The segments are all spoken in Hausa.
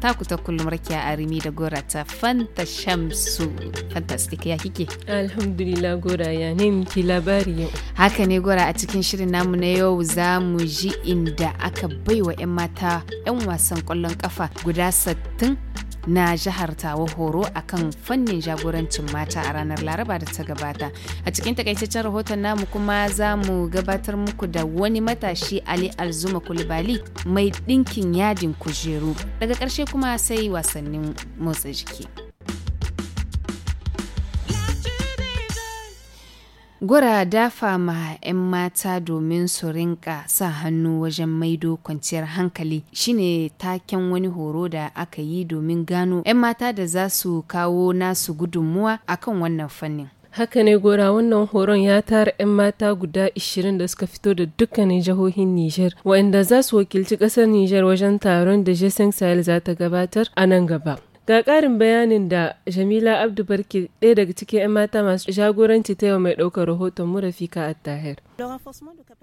taku ta kullum a arimi da gora ta fanta shamsu fantastic ya kike alhamdulillah gora ya ne miki labari yau haka ne gora a cikin shirin namu na yau za mu ji inda aka baiwa 'yan mata 'yan wasan kwallon kafa guda sattin na jihar tawa horo kan fannin jagorancin mata a ranar laraba da ta gabata a cikin takaitaccen rahoton namu kuma za mu gabatar muku da wani matashi ali alzuma kulibali mai ɗinkin yadin kujeru daga ƙarshe kuma sai wasannin motsa jiki. Gura dafa ma 'yan mata domin su rinka sa hannu wajen maido kwanciyar hankali shine taken wani horo da aka yi domin gano 'yan mata da za su kawo nasu gudunmuwa akan wannan fannin. haka ne gora wannan horon ya tara 'yan mata guda 20 da suka fito da dukkanin jihohin Nijar waɗanda za su wakilci ƙasar Nijar wajen taron da Jason Sahel za ta gabatar a nan gaba. Ga ƙarin bayanin da Jamila Abdu Barki, ɗaya daga cikin 'yan mata masu jagoranci ta yau mai ɗaukar rahoton mu Rafika tahir.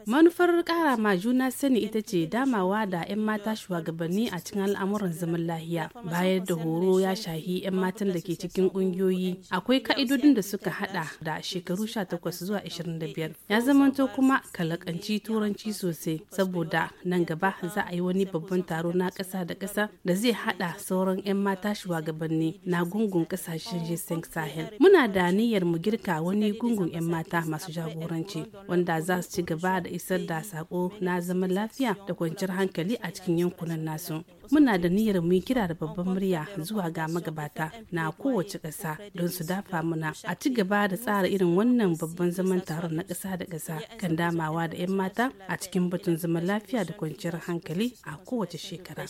Manufar kara ma juna sani ita ce damawa da 'yan mata shugabanni a cikin al'amuran zaman lahiya bayar da horo ya shahi 'yan matan da ke cikin ƙungiyoyi akwai ka'idodin da suka hada da shekaru 18 zuwa 25 ya zamanto kuma kalakanci turanci sosai saboda nan gaba za a yi wani babban taro na ƙasa da ƙasa da zai hada sauran 'yan mata shugabanni na gungun ƙasashen g sahel muna da niyyar mu girka wani gungun 'yan mata masu jagoranci wanda za su ci gaba da isar da sako na zaman lafiya da kwanciyar hankali a cikin yankunan nasu muna da niyyar mu kira da babban murya zuwa ga magabata na kowace ƙasa don su dafa muna a ci gaba da tsara irin wannan babban zaman taron na ƙasa da ƙasa kan damawa da 'yan mata a cikin batun zaman lafiya da kwanciyar hankali a kowace shekara.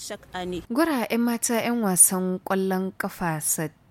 Gwara 'yan mata 'yan wasan kwallon kafa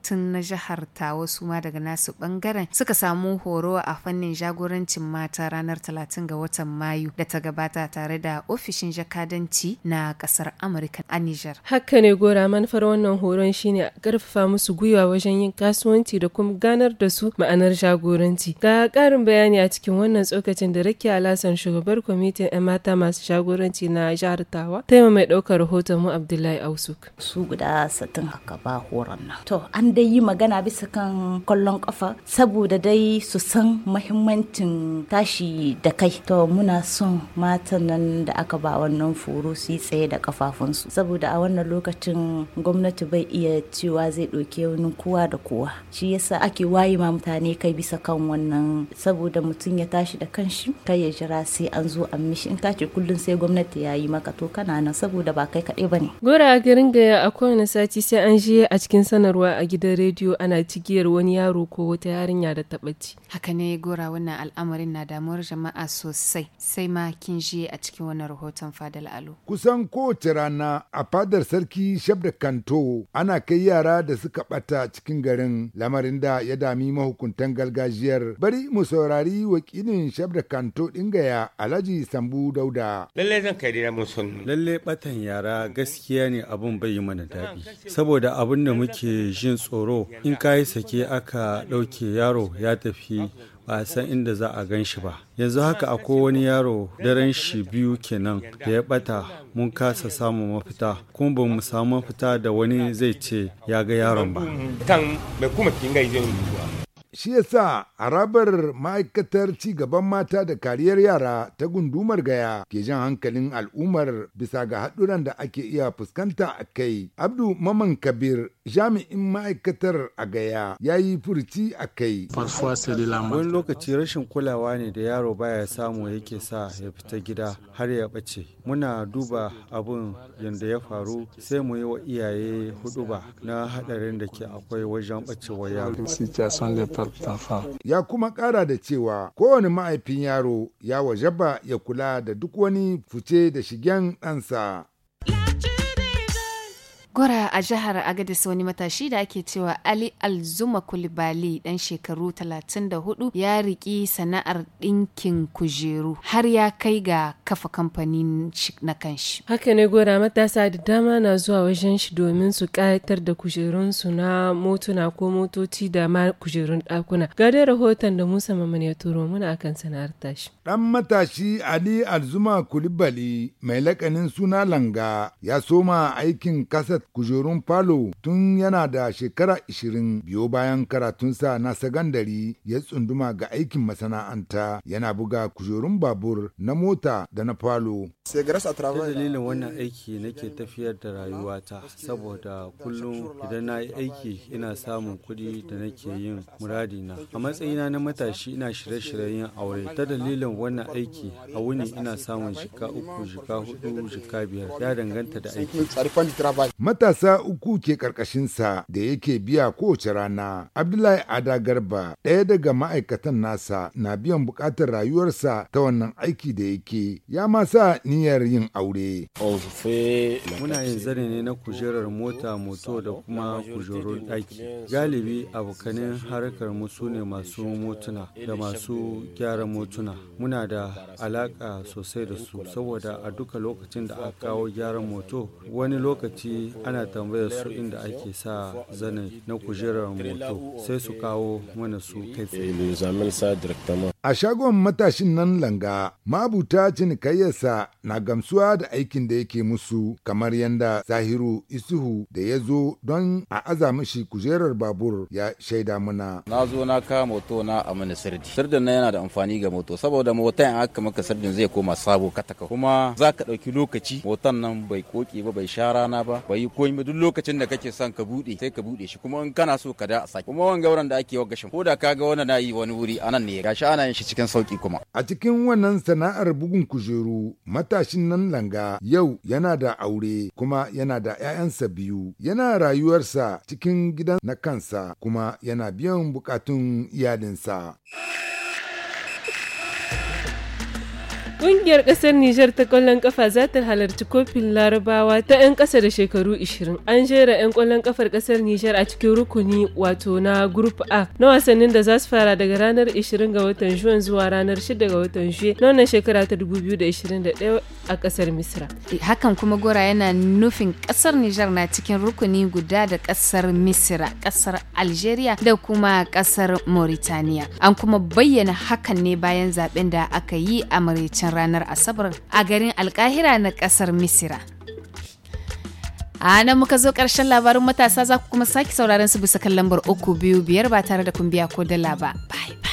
tun na jihar tawa suma ma daga nasu bangaren suka samu horo a fannin jagorancin mata ranar talatin ga watan mayu da ta gabata tare da ofishin jakadanci na kasar amurka a niger haka ne gora manufar wannan horon shine karfafa musu gwiwa wajen yin kasuwanci da kuma ganar da su ma'anar jagoranci ga karin bayani a cikin wannan tsokacin da rake alasan shugabar kwamitin 'yan mata masu jagoranci na jihar tawa taima mai ɗaukar rahoton mu abdullahi ausuk su guda satin haka ba horon nan to an dai yi magana bisa kan kwallon kafa saboda dai su san mahimmancin tashi da kai to muna son matan nan da aka ba wannan foro su yi tsaye da kafafunsu saboda a wannan lokacin gwamnati bai iya cewa zai ɗauki wani kowa da kowa shi yasa ake waye ma mutane kai bisa kan wannan saboda mutum ya tashi da kanshi kai ya jira sai an zo an mishi in kace kullum sai gwamnati ya yi maka to kana nan saboda ba kai kaɗai ba ne. gora a garin gaya a kowane sati sai an je a cikin sanarwa a gida. gidan rediyo ana cigiyar wani yaro ko wata yarinya da tabbaci. Haka ne gora wannan al'amarin na damuwar jama'a sosai sai ma kin je a cikin wannan rahoton fadal alo. Kusan kowace rana a fadar sarki Shabda Kanto ana kai yara da suka ɓata cikin garin lamarin da ya dami mahukuntan gargajiyar bari mu saurari wakilin Shabda Kanto dingaya Alhaji Sambu Dauda. Lallai zan kai da mun Lallai ɓatan yara gaskiya ne abun bai yi mana daɗi saboda abin da muke jin tsoro tsoro in kayi sake aka ɗauke yaro ya tafi ba a san inda za a gan shi ba yanzu haka akwai wani yaro daren shi biyu kenan da ya bata mun kasa samun mafita kuma ba mu samu mafita da wani zai ce ya ga yaron ba Shi ya yasa harabar ma'aikatar ci gaban mata da kariyar yara ta gundumar gaya ke jan hankalin al'ummar bisa ga haɗuran da ake iya fuskanta a kai. Abdu Maman Kabir jami'in ma'aikatar a gaya ya yi furci a kai. Wani lokaci rashin kulawa ne da yaro baya samu yake sa ya fita gida har ya ɓace. Muna duba abun yadda ya faru sai mu yi wa iyaye huɗu ba na haɗarin da ke akwai wajen ɓacewa yaro. Ya kuma ƙara da cewa kowane ma'aifin yaro ya wajaba ya kula da duk wani fice da shigen ɗansa. Gora a jihar Agadis wani matashi da ake cewa Ali Alzuma Kulibali dan shekaru 34 ya riki sana'ar ɗinkin kujeru har ya kai ga kafa kamfanin na kanshi. Haka ne gora matasa da dama na zuwa wajen shi domin su kayatar da kujerunsu na motuna ko motoci da ma kujerun ɗakuna. Ga dai rahoton da Musa Maman ya turo muna kan sana'ar tashi. Ɗan matashi Ali Alzuma Kulibali mai lakanin suna Langa ya soma aikin kasat kujerun falo tun yana da shekara ishirin biyo bayan karatunsa na sagandari ya tsunduma ga aikin masana'anta yana buga kujerun babur na mota da na falo. Ta dalilin wannan aiki nake tafiyar da rayuwata saboda kullum idan na yi aiki ina samun kuɗi da nake yin muradi na A matsayina na matashi ina shirye-shiryen yin aure. Ta dalilin wannan aiki a wuni ina samun jika uku, jika hudu, jika biyar ya danganta da aiki. Matasa uku ke sa da yake biya kowace rana. Abdullahi Ada Garba ɗaya daga ma'aikatan nasa na biyan buƙatar rayuwarsa ta wannan aiki da yake ya ma sa niyyar yin aure. Muna yin zane ne na kujerar mota moto da kuma kujerun ɗaki. Galibi abokanin harkar mu su ne masu motuna da masu gyara motuna. Muna da alaka sosai da su saboda a duka lokacin da aka kawo gyaran moto wani lokaci ana tambayar su inda ake sa zane na kujerar moto sai su kawo mana su kai tsaye. A shagon matashin nan langa, mabuta cinikayyarsa na gamsuwa da aikin da yake musu kamar yanda Zahiru Isuhu da ya zo don a aza mishi kujerar babur ya shaida mana. Na zo na ka moto na a mini sirdi. Sirdin na yana da amfani ga moto saboda motan in aka maka sirdin zai koma sabo kataka. Kuma za ka ɗauki lokaci motan nan bai koke ba bai sha rana ba bai yi komai duk lokacin da kake son ka buɗe sai ka buɗe shi kuma in kana so ka da a sake. Kuma wani gauran da ake wa gashin ko da ka ga wani na yi wani wuri anan ne gashi ana shi cikin sauki kuma. A cikin wannan sana'ar bugun kujeru matashin nan langa yau yana da aure kuma yana da 'ya'yansa biyu yana rayuwarsa cikin gidan na kansa kuma yana biyan bukatun iyalinsa. Ƙungiyar ƙasar Nijar ta ƙwallon ƙafa za ta halarci kofin Larabawa ta 'yan ƙasa da shekaru 20. An jera 'yan ƙwallon ƙafar ƙasar Nijar a cikin rukuni wato na Group A na wasannin da za su fara daga ranar 20 ga watan Juwan zuwa ranar 6 ga watan Juye na wannan shekara ta 2021 a ƙasar Misra. Eh, hakan kuma gora yana nufin ƙasar Nijar na cikin rukuni guda da ƙasar Misra, ƙasar Algeria da kuma ƙasar Mauritania. An kuma bayyana hakan ne bayan zaben da aka yi a Mauritania ranar Asabar a garin Alkahira na ƙasar Misira. A nan muka zo ƙarshen labarin matasa za ku kuma sake sauraron su bisa kan lambar uku biyu biyar ba tare da kun biya ko dala ba. Bye.